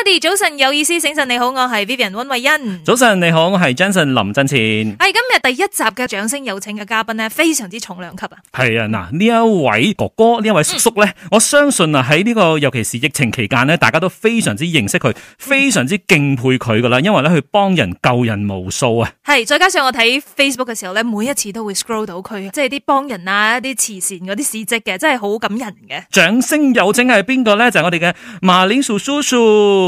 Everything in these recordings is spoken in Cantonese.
我哋早晨有意思，醒神你好，我係 Vivian 溫慧欣。早晨你好，我係 Jensen 林振前。係、哎、今日第一集嘅掌聲有請嘅嘉賓咧，非常之重量級啊！係啊，嗱呢一位哥哥呢一位叔叔咧，嗯，我相信啊喺呢個尤其是疫情期間咧，大家都非常之認識佢，非常之敬佩佢噶啦，因為咧佢幫人救人無數啊！係再加上我睇 Facebook 嘅時候咧，每一次都會 scroll 到佢，即係啲幫人啊一啲慈善嗰啲事跡嘅，真係好感人嘅。掌聲有請係邊個咧？就係、是、我哋嘅馬鈴薯叔叔。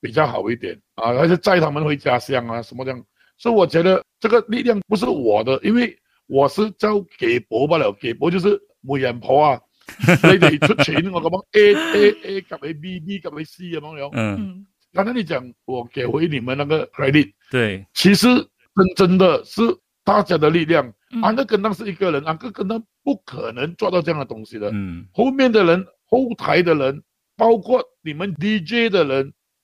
比較好一點啊，還是載他們回家鄉啊，什麼這樣？所以我覺得這個力量不是我的，因為我是交給伯伯了。伯伯就是媒人婆啊，所以你出錢， 我咁樣 A A A，甲為 B B，甲為 C 咁朋樣的嗯。嗯，剛才你講我給回你們那個 credit，對，其實真真的是大家的力量。啊、嗯，安哥肯定是一個人，安哥肯定不可能做到這樣的東西的。嗯，後面的人，後台的人，包括你們 DJ 的人。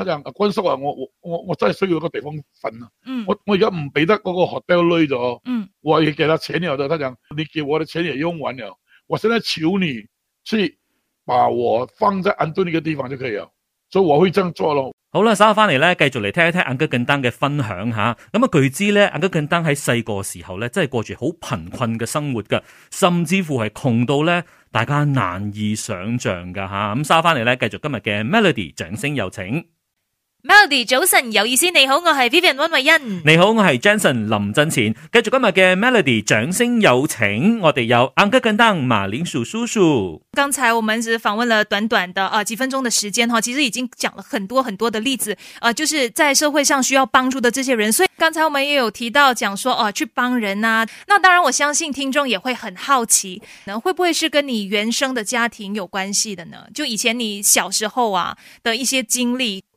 佢講，阿君叔啊，我我我真係需要個地方瞓啊、嗯！我我而家唔俾得嗰個學屌累咗，我要佢哋錢又得，佢講你叫我啲錢也用完了。我現在求你去把我放在安頓呢個地方就可以了，所以我會這樣做咯。好啦，稍後翻嚟咧，繼續嚟聽一聽阿吉更丹嘅分享吓。咁啊，據知咧阿吉更丹喺細個時候咧，真係過住好貧困嘅生活噶，甚至乎係窮到咧大家難以想象噶吓。咁稍後翻嚟咧，繼續今日嘅 Melody 掌聲有請。Melody 早晨有意思，你好，我係 Vivian 溫慧欣。你好，我係 Jason 林振前。繼續今日嘅 Melody 掌聲有請，我哋有 Uncle Gendang 馬鈴薯叔叔。剛才我們只訪問了短短的啊、呃、幾分鐘的時間哈，其實已經講了很多很多的例子，啊、呃，就是在社會上需要幫助的這些人。所以剛才我們也有提到講說，哦、呃，去幫人啊。那當然，我相信聽眾也會很好奇，那、呃、會不會是跟你原生的家庭有關係的呢？就以前你小時候啊的一些經歷。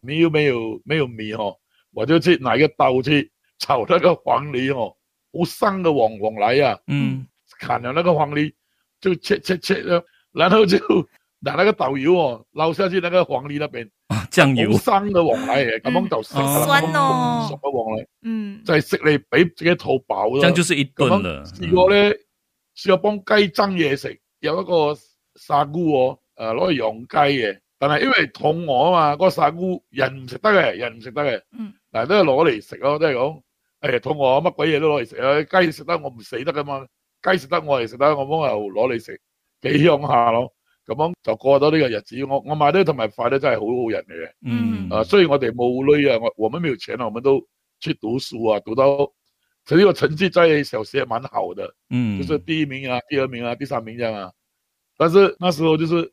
米又沒有，沒有米哦，我就去拿個刀去炒那個黃梨哦，好生嘅黃黃梨啊，嗯，砍咗那個黃梨，就切切切，然後就拿那個豆油哦撈下去那個黃梨那邊，啊、醬油生嘅黃梨、啊，咁樣就食酸咁熟嘅黃梨，嗯，就係食嚟俾自己肚飽啦，咁樣就係一頓啦、嗯。試過咧，試過幫雞爭嘢食，有一個砂鍋、啊，誒攞嚟養雞嘅。但係因為肚餓啊嘛，嗰、那個散菇人唔食得嘅，人唔食得嘅，嗱、嗯、都係攞嚟食咯，都係講，誒肚餓乜鬼嘢都攞嚟食啊，雞、就、食、是哎啊、得我唔死得噶嘛，雞食得我嚟食得，我幫又攞嚟食，幾樣下咯，咁樣就過咗呢個日子。我我買啲同埋快得真係好好人嘅、嗯，啊，所以我哋冇女啊，我我們沒有錢啊，我們都去讀書啊，讀到，所以呢個成績在小學蠻好的，嗯，就是第一名啊，第二名啊，第三名啫嘛、啊。但是那時候就是。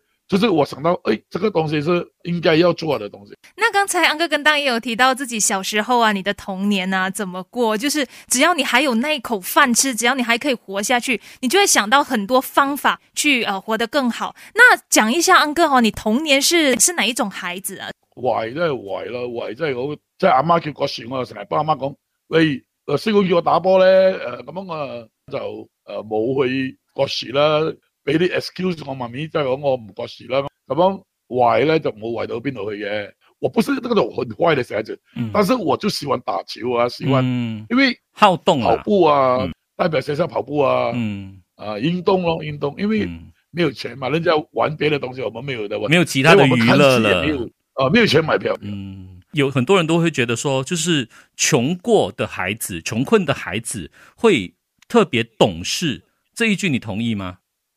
就是我想到，誒、欸，這個東西是應該要做的東西。那剛才安哥跟大家有提到自己小時候啊，你的童年啊，怎麼過？就是只要你還有那一口飯吃，只要你還可以活下去，你就會想到很多方法去，呃，活得更好。那講一下安哥你童年是是哪一種孩子啊？壞真係壞咯，壞真係我即係阿媽叫過時，我又成日幫阿媽講，喂，誒，四個月我打波呢，誒，咁樣我就冇去過時啦。俾啲 excuse 我咪我，即係講我唔關事啦。咁樣壞咧就冇壞到邊度去嘅。我不是那種很壞嘅孩子，但是我就喜歡打球啊，喜歡、嗯、因為好動跑步啊、嗯，代表學校跑步啊、嗯、啊運動咯，運動，因為沒有錢嘛、嗯、人家玩別的東西，我們沒有的玩，沒有其他的娛樂了，我們沒有啊，啊，沒有錢買票票。嗯，有很多人都會覺得說，就是窮過的孩子，窮困的孩子會特別懂事。這一句你同意嗎？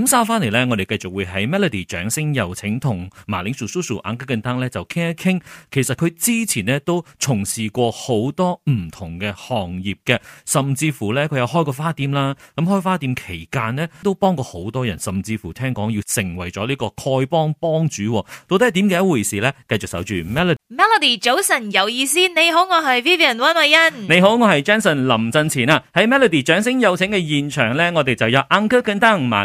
咁稍翻嚟咧，我哋繼續會喺 Melody 掌聲有請同麻 a l 叔叔 Uncle Gun 登咧就傾一傾，其實佢之前呢都從事過好多唔同嘅行業嘅，甚至乎咧佢有開過花店啦。咁開花店期間呢，都幫過好多人，甚至乎聽講要成為咗呢個丐幫幫主，到底係點解一回事呢？繼續守住 Melody，Melody 早晨有意思，你好，我係 Vivian 溫美欣，你好，我係 Jason 林振前啊。喺 Melody 掌聲有請嘅現場呢，我哋就有 Uncle Gun 登 m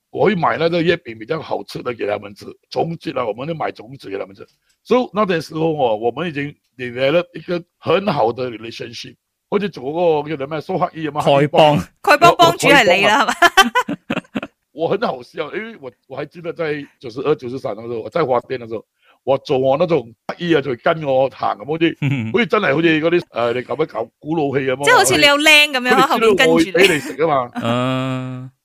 我會買那個月餅比較好吃的給他們吃種子啦、啊，我們就買種子給他們食。所、so, 以那啲時候我，我們已經 develop 一個很好的 relationship，好似做過叫咩蘇乞衣啊嘛。丐幫，丐幫幫主係你啦，係嘛？我很好笑，誒，我喺記得在九十二、九十三嗰度，我喺花店嗰度，我做我的那種乞衣啊，就會跟我行咁嗰啲，好似、嗯、真係好似嗰啲誒，你搞樣搞古老戲咁。即係好似你有靚咁樣，後邊跟住。俾你食啊嘛。嗯、呃。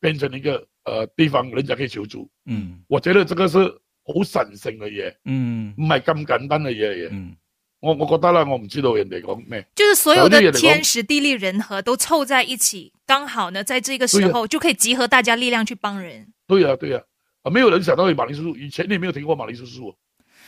變成一個、呃、地方，人家可以求助。嗯，我覺得這個是好神聖嘅嘢。嗯，唔係咁簡單嘅嘢。嗯，我我覺得啦，我唔知道人哋講咩。就是所有的天時地利人和都湊在一起，剛好呢，在這個時候就可以集合大家力量去幫人對、啊。對啊，對啊，啊，沒有人想到有馬鈴叔叔，以前你有冇聽過馬鈴叔叔？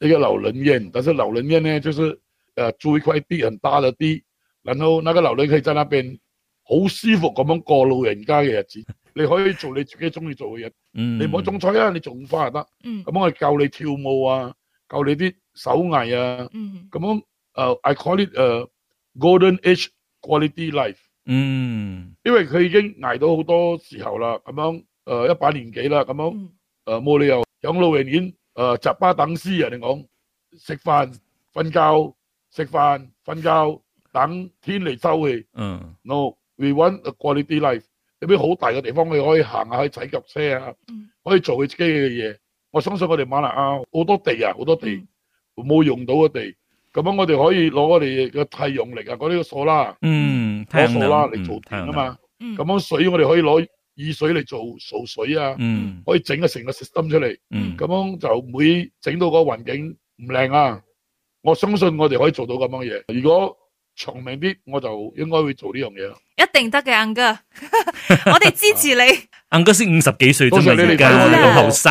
一個老人院，但是老人院呢，就是，誒、啊，租一塊地，很大的地，然後那個老人可以在那邊好舒服咁樣過老人家嘅日子。你可以做你自己 你中意做嘅嘢。嗯，你唔好種菜啊，你種花就得，嗯，咁樣我教你跳舞啊，教你啲手藝啊，嗯，咁樣，誒、啊、，I call it 誒、uh,，Golden Age Quality Life，嗯， 因為佢已經捱到好多時候啦，咁樣，誒、呃，一把年紀啦，咁樣，誒、呃，冇理由養老院。誒，雜巴等屍啊！人哋講食飯、瞓覺、食飯、瞓覺，等天嚟收氣。嗯，no，we want a quality life。入邊好大嘅地方，你可以行啊，可以踩腳車啊，可以做佢自己嘅嘢。我相信我哋馬來亞啊，好多地啊，好多地冇用到嘅地，咁樣我哋可以攞我哋嘅太陽力啊，嗰啲嘅數啦，嗯，攞數啦嚟做田啊嘛。嗯，咁樣水我哋可以攞。以水嚟做掃水啊，嗯、可以整個成個 system 出嚟，咁、嗯、樣就唔會整到個環境唔靚啊。我相信我哋可以做到咁樣嘅嘢。如果長命啲，我就應該會做呢樣嘢。一定得嘅 a 哥， 我哋支持你。a 哥先五十幾歲都未，而家咁後生。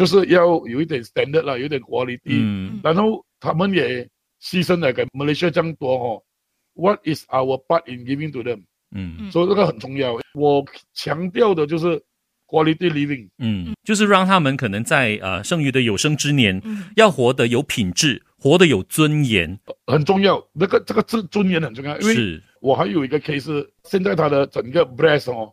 就是要有一點 standard 啦，有一點 quality。嗯，然後他們也犧牲了給 Malaysia 咁多哦。What is our part in giving to them？嗯，所以這個很重要。我強調的就是 quality living。嗯，就是讓他們可能在啊、呃、剩餘的有生之年、嗯，要活得有品質，活得有尊嚴，很重要。那個、這個，這個尊尊嚴很重要，因為我還有一個 case，現在他的整個 breath 哦。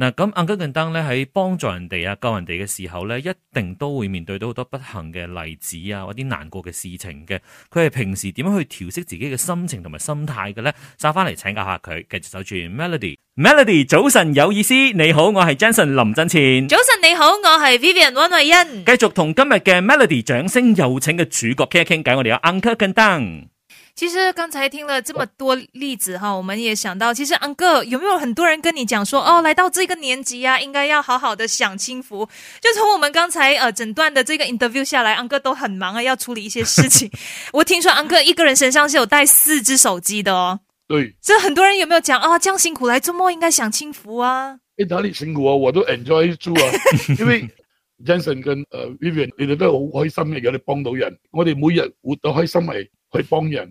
嗱咁，Uncle 更登咧喺幫助人哋啊，救人哋嘅時候咧，一定都會面對到好多不幸嘅例子啊，或啲難過嘅事情嘅。佢係平時點樣去調適自己嘅心情同埋心態嘅咧？收翻嚟請教下佢。繼續守住 Melody，Melody，早晨有意思，你好，我係 Jenson 林振前。早晨你好，我係 Vivian 溫慧欣。繼續同今日嘅 Melody 掌聲有請嘅主角傾一傾偈，我哋有 Uncle 更登其實剛才聽了這麼多例子，啊、哈，我們也想到，其實 a 哥有沒有很多人跟你講說，哦，來到這個年紀啊，應該要好好的享清福。就從我們剛才呃整的這個 interview 下來 a 哥都很忙啊，要處理一些事情。 我聽說 a 哥一個人身上是有帶四隻手機的哦。對。所以很多人有沒有講啊，咁，哦、辛苦，來周末應該享清福啊？誒，哪裡辛苦啊？我都 enjoy 住啊， 因為 Jason 跟，uh, Vivian，你哋都好開心嘅，有你幫到人。我哋每日活到開心嚟，去幫人。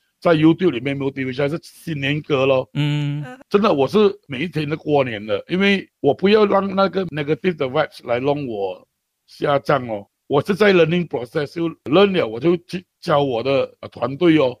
在 YouTube 裏面沒有 download 是新年歌咯。嗯，真的我是每一天都過年的，因為我不要讓那個 negative vibes 來弄我下降哦。我是在 learning process，就 learn 了我就去教我的團隊哦。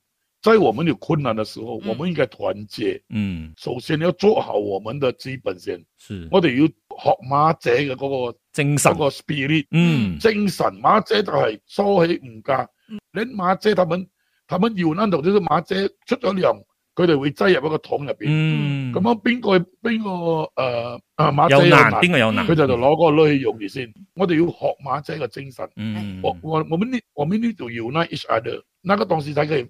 在我們有困難的時候、嗯，我們應該團結。嗯，首先要做好我們的基本先，是。我哋要學馬姐嘅嗰、那個精神、那個 spirit。嗯，精神馬姐就係梳起唔嫁。你、嗯、馬姐他們，他們要呢度啲馬姐出咗糧，佢哋會擠入一個桶入邊。嗯，咁、呃、啊邊個邊個誒誒馬姐難有難，邊個有難，佢就就攞個女用住先。嗯、我哋要學馬姐嘅精神。嗯、我我我們呢，我們呢度 unite each other。那個同事睇佢。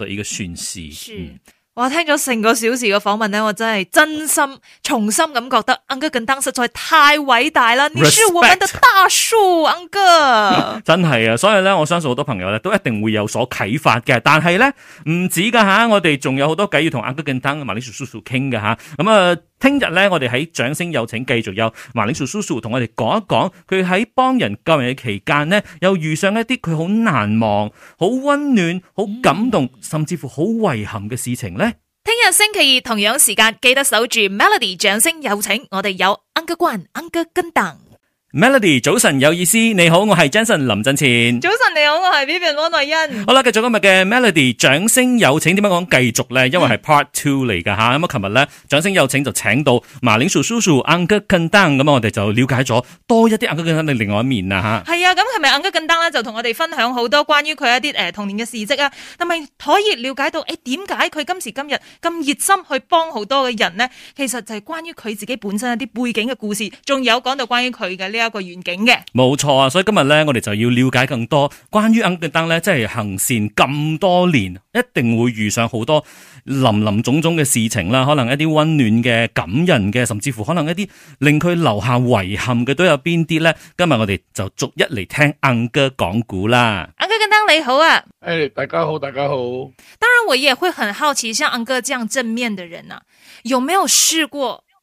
一、 這個、嗯、 哇！聽咗成個小時嘅訪問咧，我真係真心、重新咁覺得阿哥更登實在太偉大啦！你是我們的大叔阿哥真係啊！所以咧，我相信好多朋友咧都一定會有所啟發嘅。但係咧，唔止噶吓，我哋仲有好多偈要同阿哥更登 Mali 叔叔傾嘅吓。咁、嗯、啊。呃聽日咧，我哋喺掌聲有請繼續有馬里素叔叔同我哋講一講佢喺幫人救命嘅期間呢，又遇上一啲佢好難忘、好溫暖、好感動，甚至乎好遺憾嘅事情呢。聽日星期二同樣時間記得守住 Melody 掌聲有請我哋有 Angle 關 Angle 跟鄧。Melody，早晨有意思，你好，我係 Jason 林振前。早晨你好，我係 Vivian 莫內欣。好啦，繼續今日嘅 Melody，掌聲有請。點樣講繼續咧？因為係 Part Two 嚟噶吓。咁 啊，琴日咧掌聲有請就請到馬鈴薯叔叔 Uncle Kandang。咁我哋就了解咗多一啲 Uncle Kandang 嘅另外一面啊吓。係啊，咁係咪 Uncle Kandang 就同我哋分享好多關於佢一啲誒、呃、童年嘅事跡啊？同埋可以了解到誒點解佢今時今日咁熱心去幫好多嘅人呢？其實就係關於佢自己本身一啲背景嘅故事，仲有講到關於佢嘅呢有一個願景嘅，冇錯啊！所以今日咧，我哋就要了解更多關於 Ang 哥登咧，即係行善咁多年，一定會遇上好多林林總總嘅事情啦。可能一啲溫暖嘅、感人嘅，甚至乎可能一啲令佢留下遺憾嘅，都有邊啲咧？今日我哋就逐一嚟聽 Ang 哥講故啦。Ang 哥登，你好啊！誒、hey，大家好，大家好。當然我也會很好奇，像 Ang 哥這樣正面的人啊，有沒有試過？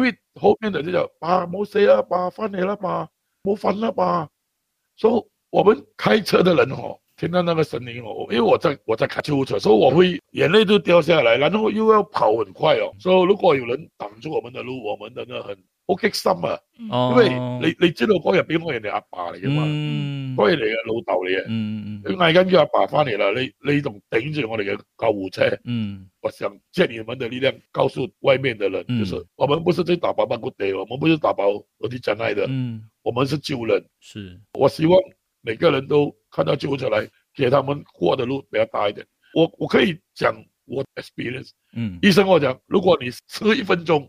因為後面的這個，爸冇死啦，爸翻嚟了，爸冇翻了，爸。所以、so, 我們開車的人哦，聽到那個聲音哦，因為我在我在開救護車，所以我會眼淚都掉下來，然後又要跑很快哦。所以、so, 如果有人擋住我們的路，我們真的那很～好激心啊！哦、因為你你知道嗰日邊個人哋阿爸嚟噶嘛，嗰日嚟嘅老豆嚟嘅，佢嗌緊佢阿爸返嚟啦。你你仲頂住我哋嘅救護車、嗯，我想借你們的力量，告訴外面的人、嗯，就是我們不是在打包曼谷地，我們不是打包落地展開的、嗯，我們是救人。是我希望每個人都看到救護車來，給他們過的路比較大一點。我我可以講我 experience。嗯，醫生我講，如果你遲一分鐘。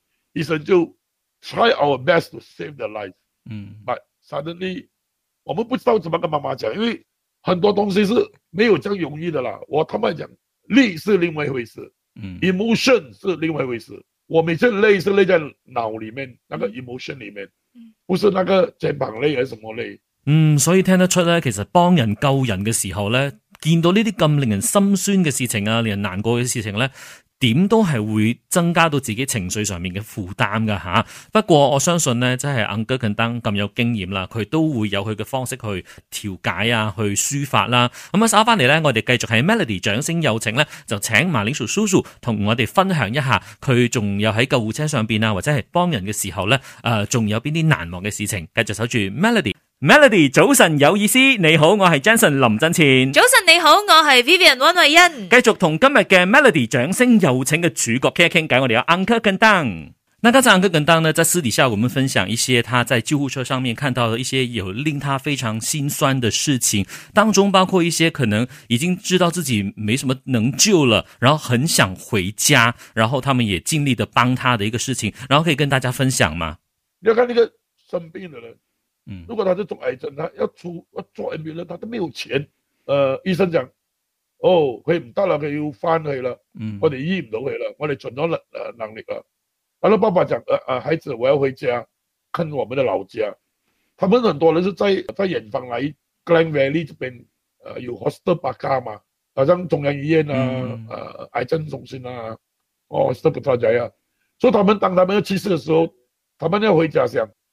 醫生就 try our best to save the life 嗯。嗯，but suddenly, 我們不知道怎麼跟媽媽講，因為很多東西是沒有這樣容易的啦。我坦白講力是另外一回事，嗯，emotion 是另外一回事。我每次累是累在腦裏面，那個 emotion 裏面，不是那個肩膀累還是什麼累？嗯，所以聽得出咧，其實幫人救人的時候咧，見到呢啲咁令人心酸的事情啊，令人難過的事情咧，點都係會增加到自己情緒上面嘅負擔噶吓，不過我相信呢，真係 Anggun Dan 咁有經驗啦，佢都會有佢嘅方式去調解啊，去抒發啦。咁啊，稍翻嚟呢，我哋繼續喺 Melody 掌聲有請呢，就請馬鈴薯叔叔同我哋分享一下佢仲有喺救護車上邊啊，或者係幫人嘅時候呢，誒、呃，仲有邊啲難忘嘅事情？繼續守住 Melody。Melody 早晨有意思，你好，我是 Jensen 林振前，早晨你好，我是 Vivian 溫慧恩。繼續同今日嘅 Melody 掌聲有請嘅主角 Ken Ken 講，我哋嘅 Uncle 跟當那個 Uncle 跟當呢，在私底下，我們分享一些他在救護車上面看到嘅一些有令他非常心酸的事情，當中包括一些可能已經知道自己沒什麼能救了，然後很想回家，然後他們也盡力的幫他的一個事情，然後可以跟大家分享嗎？你要看那，這個生病的人。如果佢做癌症，他要出要做 NBA，佢都冇錢。誒、呃，醫生講，哦，佢唔得啦，佢要翻去啦。嗯，我哋醫唔到佢啦，我哋盡咗能能力啦。阿個爸爸講、呃啊，孩子，我要回家，看我們的老家。他們很多人是在喺遠方嚟 g l e n 這邊，誒、呃、有 h o s p 卡嘛，好像中央醫院啊，誒、嗯呃、癌症中心啊，我 h o s p i 呀。所以他們當他們要去世嘅時候，他們要回家鄉。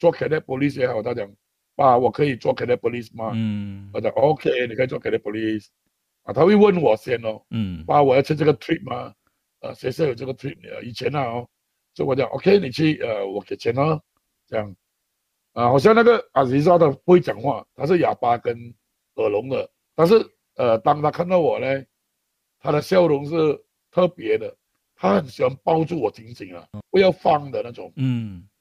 做 cadet police 也好，他講，爸，我可以做 cadet police 嗎？嗯，我講 OK，你可以做 cadet police 啊，他會問我先哦，嗯，爸，我要去這個 trip 嗎？啊，學校有這個 trip？以前啊，哦，就我講 OK，你去，呃，我給錢咯，這樣。啊，好像那個阿吉薩他不會講話，他是啞巴跟耳聾的，但是，呃，當他看到我咧，他的笑容是特別的，他很喜歡抱住我緊緊啊，不要放的那種，嗯。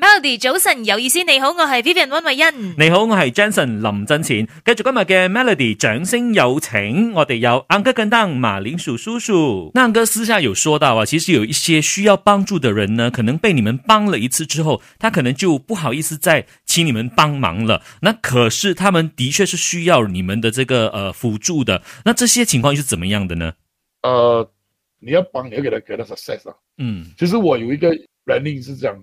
Melody，早晨有意思，你好，我係 Vivian 溫慧欣。你好，我係 Jason 林真晴。跟住今日嘅 Melody 掌聲有請，我哋有安哥跟當馬鈴薯叔叔。安哥私下有說到啊，其實有一些需要幫助的人呢，可能被你們幫了一次之後，他可能就不好意思再請你們幫忙了。那可是他們的確是需要你們的這個呃輔助的。那這些情況又是怎麼樣的呢？呃，你要幫你要給他給到 success。嗯，其實我有一個原因，是這樣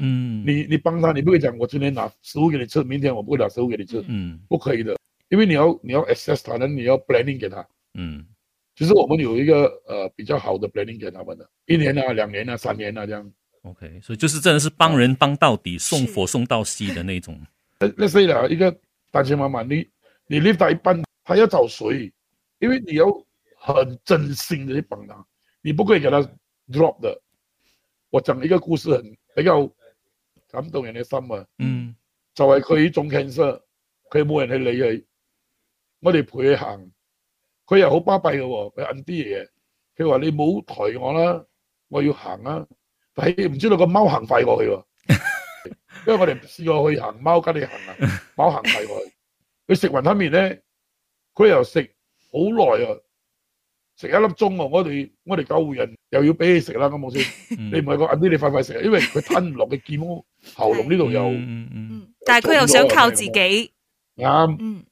嗯，你你幫他，你不會講我今天拿食物給你吃，明天我不會拿食物給你吃，嗯，不可以的，因為你要你要 assess 他，呢你要 planning 給他，嗯，其實我們有一個，呃，比較好的 planning 給他們的，一年啊，兩年啊，三年啊，這樣，OK，所以就是真的是幫人幫到底，啊，送佛送到西的那種。那類似啦，一個單親媽媽，你你 lift 他一半，他要找誰？因為你要很真心的去幫他，你不可以給他 drop 的。我講一個故事很，很要。感動人嘅心啊！嗯、mm.，就係佢中癌，佢冇人去理佢，我哋陪佢行，佢又好巴閉嘅喎，佢摁啲嘢，佢話你冇抬我啦，我要行啦、啊，但係你唔知道個貓行快過去喎、啊， 因為我哋試過，過去行貓跟你行啊，貓行快過去，佢食雲吞麵咧，佢又食好耐啊，食一粒鐘啊，我哋我哋救護人又要俾、mm. 你食啦，咁冇先。你唔係個摁啲你快快食，啊，因為佢吞唔落嘅劍。喉嚨呢度有，但係佢又想靠自己，啱，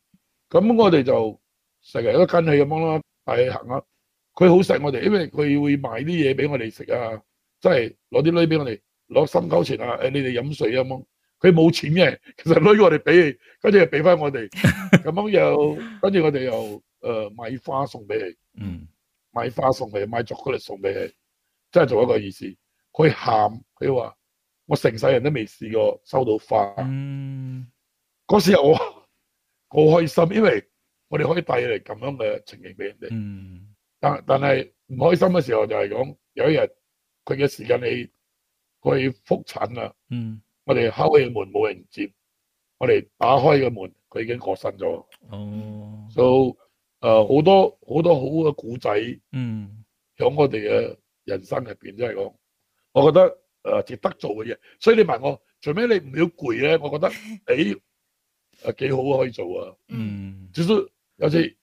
咁我哋就成日都跟佢咁樣啦，係行啊，佢好錫我哋，因為佢會買啲嘢俾我哋食啊，即係攞啲女俾我哋，攞心九錢啊。誒，你哋飲水啊，咁。佢冇錢嘅，其實女我哋俾，跟住又俾翻我哋，咁樣又，跟住我哋又，誒，買花送俾你，嗯，買花送俾你，買巧克力送俾你，真係做一個意思。佢喊，佢話。我成世人都未試過收到花，嗰、嗯、時候我好開心，因為我哋可以帶嚟咁樣嘅情形俾人哋、嗯。但但係唔開心嘅時候就係講有一日佢嘅時間你佢復診啦，我哋敲起門冇人接，我哋打開個門佢已經過身咗。哦，So 誒好多好多好嘅古仔，嗯，響我哋嘅人生入邊真係講，我覺得。誒、啊，值得做嘅嘢，所以你問我，除非你唔要攰咧，我覺得誒，誒、 哎啊、幾好啊，可以做啊，嗯，就是，有次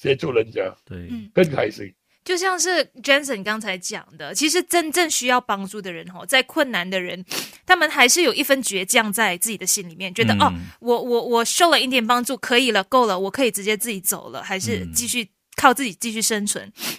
協助人家，對，更開心。就像是 Jason 剛才講的，其實真正需要幫助的人，哦，在困難的人，他們還是有一份倔強在自己的心裏面，覺得、嗯、哦，我我我受了一點幫助，可以了，夠了，我可以直接自己走了，還是繼續靠自己繼續生存。嗯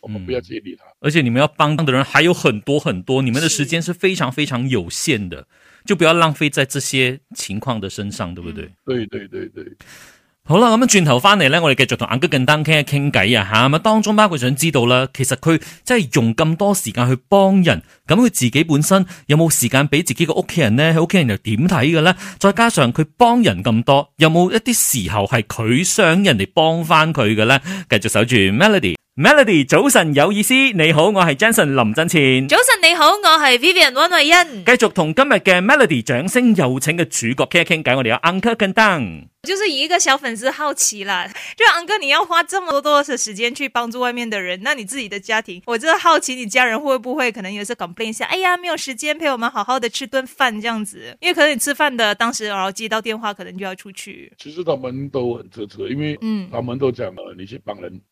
我們不要接意他、嗯，而且你們要幫的人還有很多很多，你們的時間是非常非常有限的，就不要浪費在這些情況的身上、嗯，對不對？對對對對，好啦，咁樣轉頭翻嚟呢，我哋繼續同阿哥更 u s 傾一傾偈啊，吓咁，當中包括想知道啦，其實佢真係用咁多時間去幫人，咁佢自己本身有冇時間俾自己個屋企人咧？屋企人又點睇嘅咧？再加上佢幫人咁多，有冇一啲時候係佢想人哋幫翻佢嘅咧？繼續守住 Melody。Melody，早晨有意思，你好，我是 Jason 林振前。早晨你好，我是 Vivian 溫慧欣。繼續同今日嘅 Melody 掌聲有請嘅主角 King，我哋阿 Uncle Ken t 就是以一個小粉絲好奇啦，就 a n 哥你要花這麼多多嘅時間去幫助外面的人，那你自己的家庭，我真係好奇你家人會不會可能有時 complain 一下，哎呀，沒有時間陪我們好好的吃頓飯這樣子，因為可能你吃飯的當時然後接到電話，可能就要出去。其實他們都很支持，因為嗯，他們都講了你去幫人。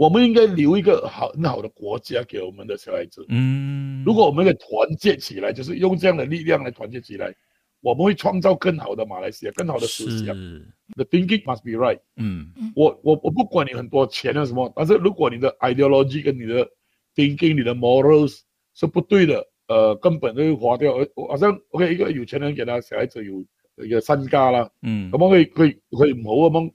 我們應該留一個好，很好的國家給我們的小孩子。嗯，如果我們可以團結起來，就是用這樣的力量來團結起來，我們會創造更好的馬來西亞，更好的世界。The thinking must be right。嗯，我我我不管你很多錢啊什麼，但是如果你的 ideology 跟你的 thinking、你的 morals 是不對的，呃，根本就會花掉。而我，我好像 OK 一個有錢人，給他小孩子有一個身家啦。嗯，咁我佢佢佢唔好咁樣。可以能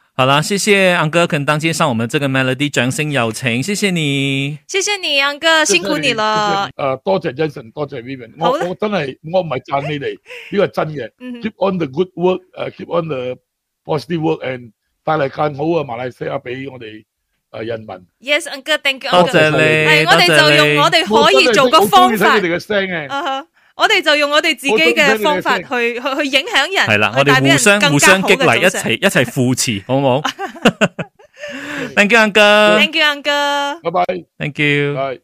好啦，謝謝 Ang 哥肯當介紹我們這個 Melody 掌聲有請，謝謝你，謝謝你 Ang 哥辛苦你啦。誒、呃，多謝 Jason，多謝 Vivian，我我真係我唔係讚你哋，呢 個係真嘅、嗯。Keep on the good work，誒、uh，keep on the positive work，and 帶嚟更好嘅馬來西亞俾我哋誒、呃、人民。Yes，Ang 哥，多謝你，Uncle, 謝謝你、哎，多謝你。我哋就用我哋可以做嘅方法，我哋就用我哋自己嘅方法去去去影響人，係啦，我哋互相互相激勵，一齊一齊扶持，好唔好 ？Thank you，Uncle。Thank you，Uncle。拜拜。Thank you。拜。